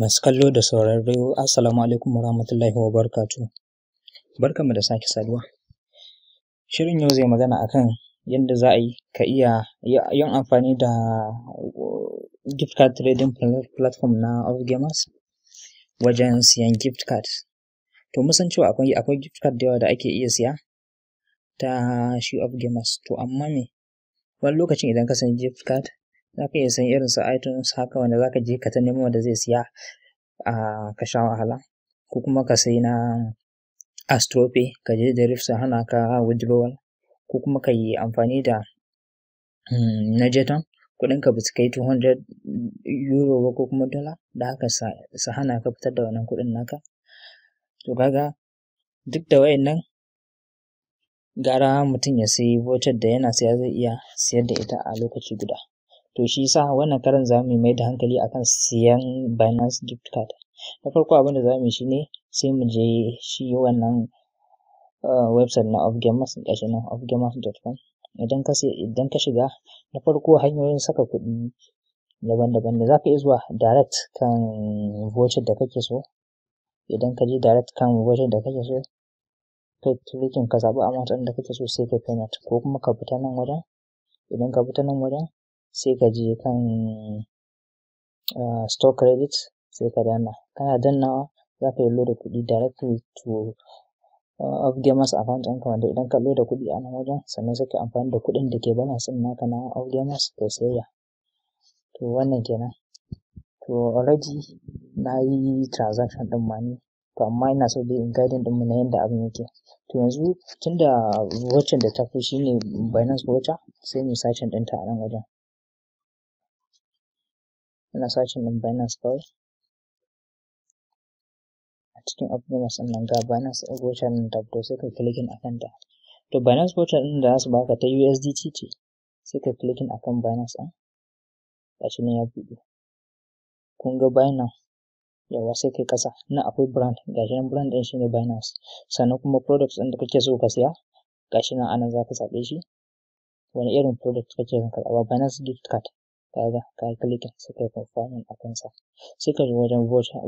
Masu kallo da sauraro Assalamu alaikum warahmatullahi wabarakatuh. Barkanmu da sake saduwa. Shirin yau zai magana akan yadda za a yi ka iya yin amfani da gift card trading platform na gamers wajen siyan gift card. To musan cewa akwai gift card da yawa da ake iya siya ta shi gamers to amma me wani lokacin idan ka san gift card za ka iya san irin su items haka wanda za ka je ka ta nemo wanda zai siya a ka sha wahala ko kuma ka sayi na astrope ka je da rifsa hana ka withdrawal ko kuma ka yi amfani da mm, na jeton kuɗin ka bisa kai 200 euro ko kuma dola da haka sa hana ka fitar da wannan kuɗin naka to kaga duk da wayannan gara mutum ya sayi voucher da yana saya zai iya siyar da ita a lokaci guda to shi yasa wannan karan za mu mai da hankali akan siyan Binance gift card na farko abin da za mu yi ne sai mu je shi wannan eh, website na ofgamers gashi nan ofgamers.com idan ka idan ka shiga na farko hanyoyin saka kuɗi daban-daban da za ka iya zuwa direct kan voucher da kake so idan ka je direct kan voucher da kake so kai ka zaɓi amount ɗin da kake so sai ka payment ko kuma ka fita nan wajen idan ka fita nan wajen sai ka je kan ah, store credit sai ka danna kana dannawa za ka yi da kuɗi directly to of ah, gamers account ɗinka wanda idan ka da kuɗi a nan wajen sannan sai ka amfani da kuɗin da ke balance ɗin naka na of gamers ka saya, to wannan kenan to already na yi transaction ɗin ma ni to amma ina so dai in guiding din mu na yanda abin yake to yanzu tunda waccan da ta fi shine Binance Voucher sai mu sacin ɗinta a nan wajen ina sacin ɗin Binance kawai a cikin abubuwan sannan ga Binance Voucher nan ta fito sai ka clicking a kanta to Binance Voucher ɗin da za su baka ta USDT ce sai ka clicking akan Binance ɗin gashi ne ya buɗe kun ga Binance yawa sai kai kasa na akwai brand gashi nan brand din shine Binance sannan kuma products din da kake so ka siya gashi nan anan zaka zabe shi wani irin product kake son ka zaba Binance gift card kaga ka yi clicking sai kai confirming a kansa sai ka zo wajen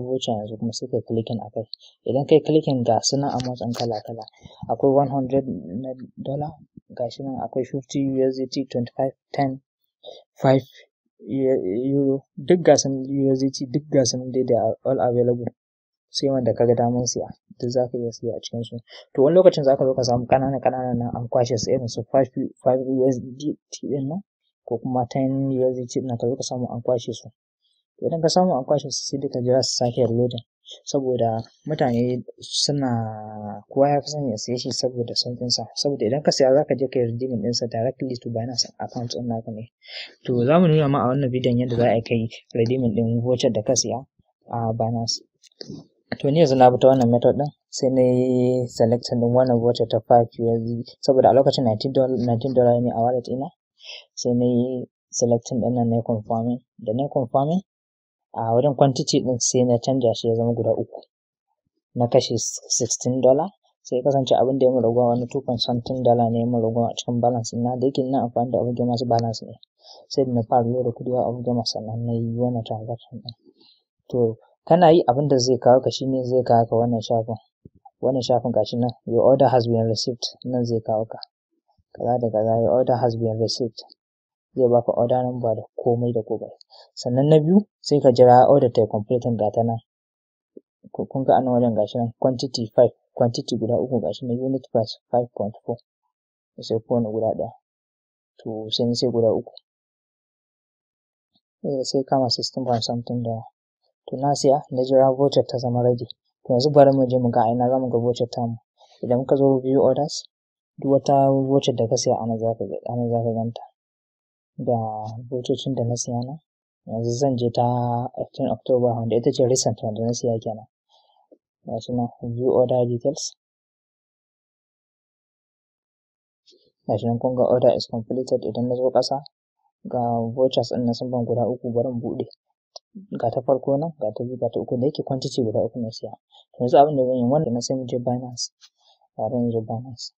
voucher yanzu kuma sai kai clicking a kai idan kai clicking ga sunan amount ɗin kala kala akwai 100 na dollar gashi nan akwai 50 USDT 25 10 5 duk gasan USDT duk gasan dai da all available sai wanda kaga daman siya duk za ka iya siya a cikin su to wani lokacin za ka zo ka samu ƙananan ƙananan nan an kwashe su irin su 5 USD din nan ko kuma 10 USD din nan ka zo ka samu an kwashe su idan ka samu an kwashe su sai dai ka jira su sake reloading saboda mutane suna kowa ya fi son ya siye shi saboda sauƙin sa saboda idan ka siya zaka je ka yi redeeming ɗinsa directly to Binance account ɗin naka ne to za mu nuna ma a wannan bidiyon yadda za a kai redeeming ɗin voucher da ka siya a Binance to ni yanzu na bi ta wannan method ɗin sai na yi selecting ɗin wannan voucher ta 5 USD saboda a lokacin 19 dollar ne a wallet ina sai na yi selecting ɗin nan na yi confirming da na yi confirming a wajen quantity din sai na canja shi ya zama guda uku na kashe 16 dollar sai kasance abin da ya raguwa wani 2 something dollar ne ya raguwa a cikin balance na da yake ina amfani da abuja masu balance ne sai na fara lura kudi a abuja masu sannan na yi wannan transaction ɗin to kana yi abin da zai kawo ka shi ne zai kawo ka wannan shafin wannan shafin shi nan your order has been received nan zai kawo ka kaza da kaza your order has been received zai baka order number da komai da komai sannan na biyu sai ka jira order ta complete ga ta nan kun ga anan wajen gashi nan quantity 5 quantity guda uku gashi nan unit price 5.4 sai kowane guda ɗaya to sai sai guda uku eh, sai kama 16 pound something da to na siya na jira voucher ta zama ready to yanzu bari mu je mu ga ina za mu ga voucher ta mu idan ka zo view orders duk wata voucher da ka siya anan za ka ganta da bututun da na siya na yanzu zan je ta 18 october wanda ita ce recent wanda na siya kenan gashi nan view order details shi nan kun ga order is completed idan na zo ƙasa ga vouchers ɗin na sun ban guda uku bari in buɗe ga ta farko nan ga ta biyu ga ta uku da yake quantity guda uku na siya yanzu abin da zan yi wannan na sai mu je binance je binance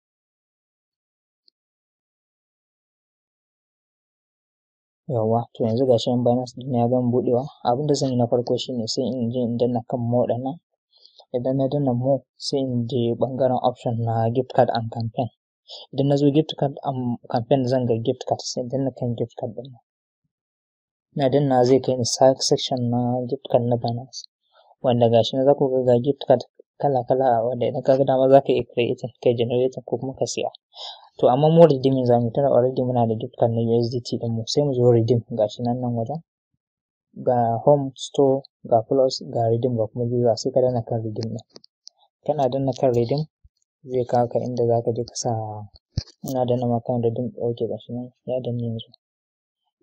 Yawwa, to yanzu ga shi nan Binance ɗina ya gama buɗewa. Abin da zan yi na farko shine sai in je in danna kan mo ɗin nan. Idan na danna mo sai in je ɓangaren option na gift card and campaign. Idan na zo gift card and um, campaign zan ga gift card sai in danna kan gift card ɗin nan. Na danna zai kai ni section na gift card na Binance. Wanda ga shi nan za ku ga gift card kala-kala wanda idan ka ga dama za ka iya creating, ka generating ko kuma ka siya. to amma mu redeeming za mu tana already muna da dukkan na USDT din mu sai mu zo redeem gashi nan nan wajen ga home store ga plus ga redeem ga kuma user sai ka danna kan redeem din kana danna kan redeem zai kawo ka inda za ka je ka sa ina danna ma kan redeem okay gashi nan ya danna yanzu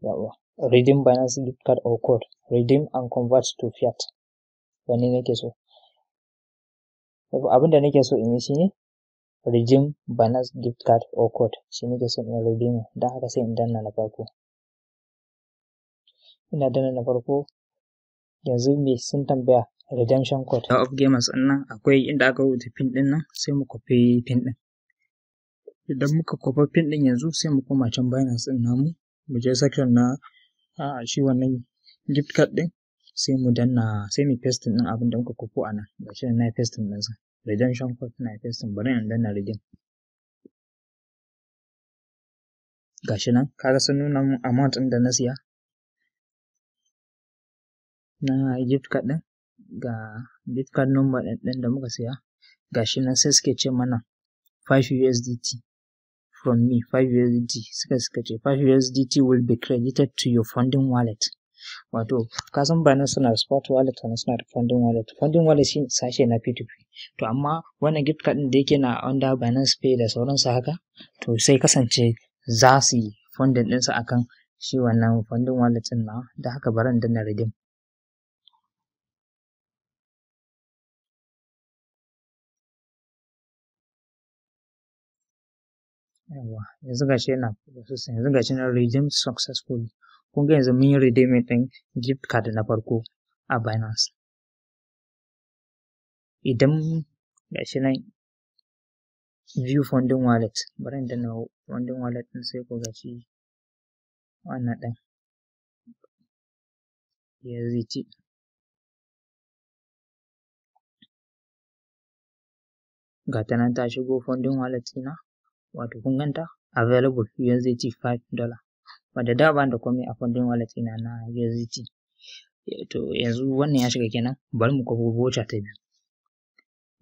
yawa redeem Binance gift card or code redeem and convert to fiat wanne nake so abin da nake so in yi shine rijim banas gift card or code shi nake son in redeem don haka sai in danna na farko ina danna na farko yanzu me sun tambaya redemption code of gamers din nan akwai inda aka rubuta pin din nan sai mu kofi pin din idan muka kofa pin din yanzu sai mu koma can binance din namu mu je section na a shi wannan gift card din sai mu danna sai mu paste din abin da muka kofo a nan gashi na paste din nan redemption code na pasting bari in danna redeem gashi nan kaga sun nuna mun amount ɗin da na siya na gift card ɗin ga gift card number ɗin da muka siya gashi nan sai suke ce mana 5 USDT from me 5 USDT suka suka ce 5 USDT will be credited to your funding wallet Wato ka san ba nan suna da spot wallet sannan suna da funding wallet. Funding wallet shi sashe na P2P. To amma wannan gift card din da yake na under Binance Pay da sauransu haka to sai kasance za su yi funding ɗinsa akan shi wannan funding wallet din na da haka baran in danna redeem. Yawwa yanzu gashi yana processing yanzu gashi na redeem successfully. kun ga yanzu mun yi redeeming ɗin gift card na farko a Binance. Idan gashi nan view funding wallet bari in danna funding wallet ɗin sai ku ga shi wannan ɗin USDT. Ga ta nan ta shigo funding wallet ɗina wato kun ganta available USDT five dollar. wanda da ba da komai a kundin wallet ina na USDT eh, to yanzu wannan ya shiga kenan bari mu kwafo bocha ta biyu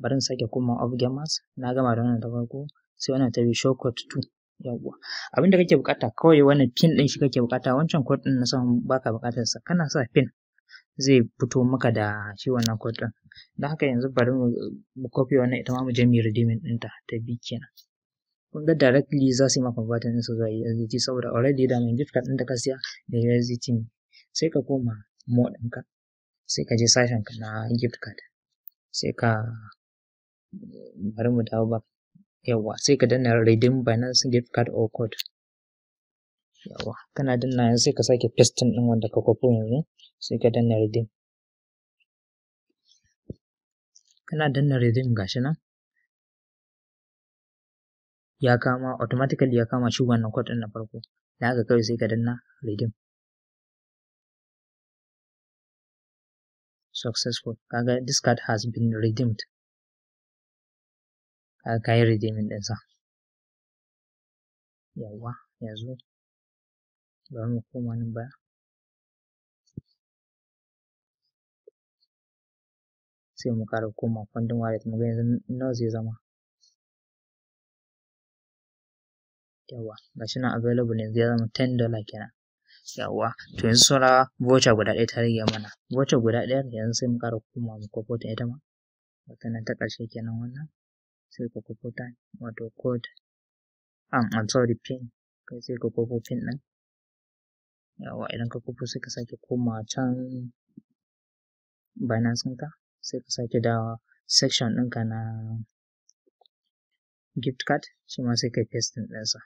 bari mu sake kuma, of gamers na gama da wannan ta farko sai wannan ta biyu shortcut 2 yawwa abin da kake bukata kawai wannan pin din shi kake bukata wancan code din na san baka bukatar sa kana sa pin zai fito maka da shi wannan code din dan haka yanzu bari mu copy wannan ita ma mu je mu din ɗinta ta bi kenan kun directly za su yi maka converting su zuwa USDT e saboda already da mai gift card ɗin da ka siya da USDT e ne sai ka koma more ɗinka sai ka je sashen ka na gift card sai ka bari mu dawo ba yawa sai ka danna redeem binance gift card or code yawa kana danna yanzu sai ka sake pasting ɗin wanda ka kwafo yanzu sai ka danna redeem kana danna redeem gashi nan ya kama automatically ya kama shi wannan code din na farko da haka kawai sai ka danna redeem successful kaga this card has been redeemed kaga kayi redeeming din sa yawa yanzu ba mu koma nan baya sai mu ƙara koma kwandon wallet mu ga yanzu nawa zai zama yawa ga shi nan available ne zai zama ten dollar kenan yawa to yanzu saura vocha guda ɗaya ta rage mana vocha guda ɗaya yanzu sai mu ƙara koma mu kwafo ta ita ma wata nan ta ƙarshe kenan wannan sai ka kwafo ta wato code am um, am sorry pin kai sai ka kwafo pin ɗin yawa idan ka kwafo sai ka sake komawa can binance ɗinka sai ka sake dawa section ɗinka na gift card shi ma sai kai paste ɗinsa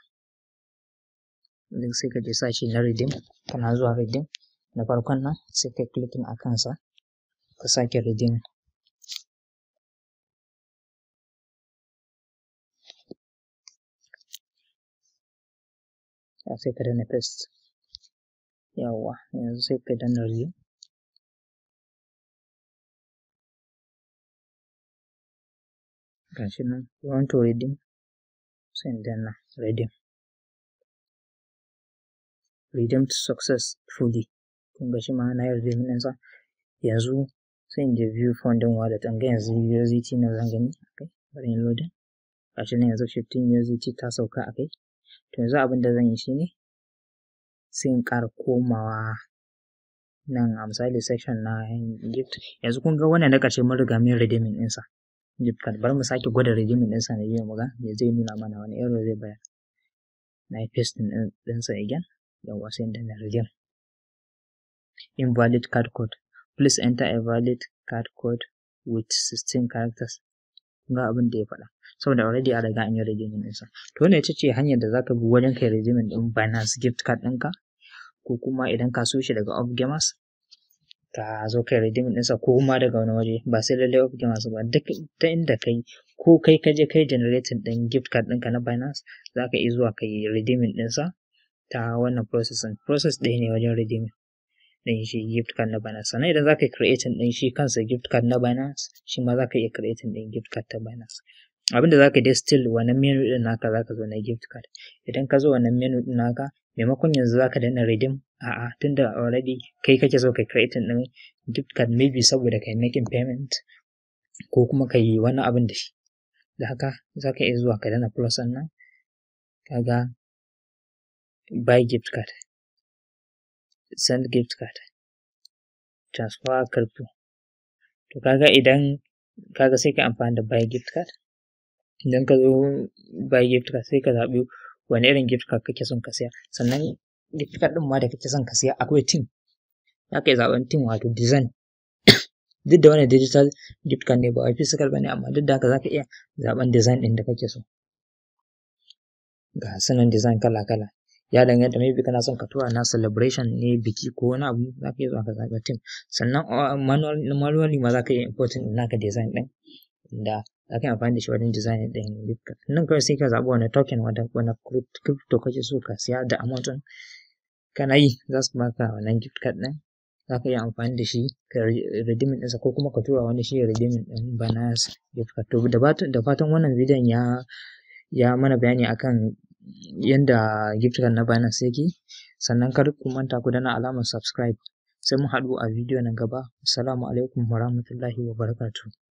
din sai ka je sashi na redeem kana zuwa redeem na farkon nan sai ka clicking a kansa ka sake redeem sai ka dana paste yawwa yanzu sai ka danna redeem gashi nan you want to redeem sai danna redeem redeemed successfully kun ga shi ma na yarda min sa yanzu sai in je view fund wallet an ga yanzu USDT na zan gani bari in load a nan yanzu 15 USDT ta sauka akai to yanzu abin da zan yi shine sai in ƙara komawa nan a misali section na gift yanzu kun ga wannan na kace mun riga mun redeeming sa gift card bari mu sake gwada redeeming ɗinsa na biyu mu ga me zai nuna mana wani error zai bayar na yi din sa again yawwa sai danna redeem invalid card code please enter a valid card code with 16 characters ga abin da ya faɗa saboda already a riga an yi redeeming ɗinsa to ne ita ce hanyar da zaka bi wajen kai redeeming ɗin Binance gift card ɗinka ko kuma idan ka so shi daga Opgemers ka zo kai redeeming ɗinsa ko kuma daga wani waje ba sai lallai Opgemers ba duk ta inda kai ko kai ka je kai generating ɗin gift card ɗinka na Binance zaka yi zuwa kai redeeming ɗinsa ta wannan process din process ɗaya ne wajen redeeming ɗin shi gift card na Binance sannan idan zaka yi creating ɗin shi kansa gift card na Binance shi ma zaka iya creating ɗin gift card ta Binance abinda zaka dai still wannan menu ɗin naka zaka zo na gift card idan ka zo wannan menu ɗin naka maimakon yanzu zaka dana redeem a'a tunda already kai kake so kai creating ɗin gift card maybe saboda kai making payment ko kuma ka yi wani abin da shi da haka za ka iya zuwa ka daina plus nan kaga buy gift card send gift card transfer crypto to kaga idan kaga sai ka amfani da buy gift card idan ka zo buy gift card sai ka zaɓi wani irin gift card kake son ka siya sannan gift card ɗin ma da kake son ka siya akwai tin za ka yi zaɓen tin wato design duk da wani digital gift card ne ba wai physical ba ne amma duk da haka za ka iya zaɓen design ɗin da kake so ga sanan design kala-kala ya danganta maybe kana son ka tura na celebration ne biki ko wani abu za ka iya zuwa ka zaɓa team sannan uh, manually ma za ka iya importing naka design ɗin da za ka yi amfani da shi wajen design ɗin nan kawai sai ka zaɓi wani token wani crypto kake so ka siya da amount kana yi za su baka wannan gift card ɗin za ka yi amfani da shi ka redeeming ɗinsa ko kuma ka tura wani shi redeem ɗin Binance gift card to da fatan wannan bidiyon ya ya mana bayani akan yanda gift card na Binance yake sannan kar ku manta ku dana alamar subscribe sai mun haɗu a bidiyo nan gaba assalamu alaikum warahmatullahi wabarakatuh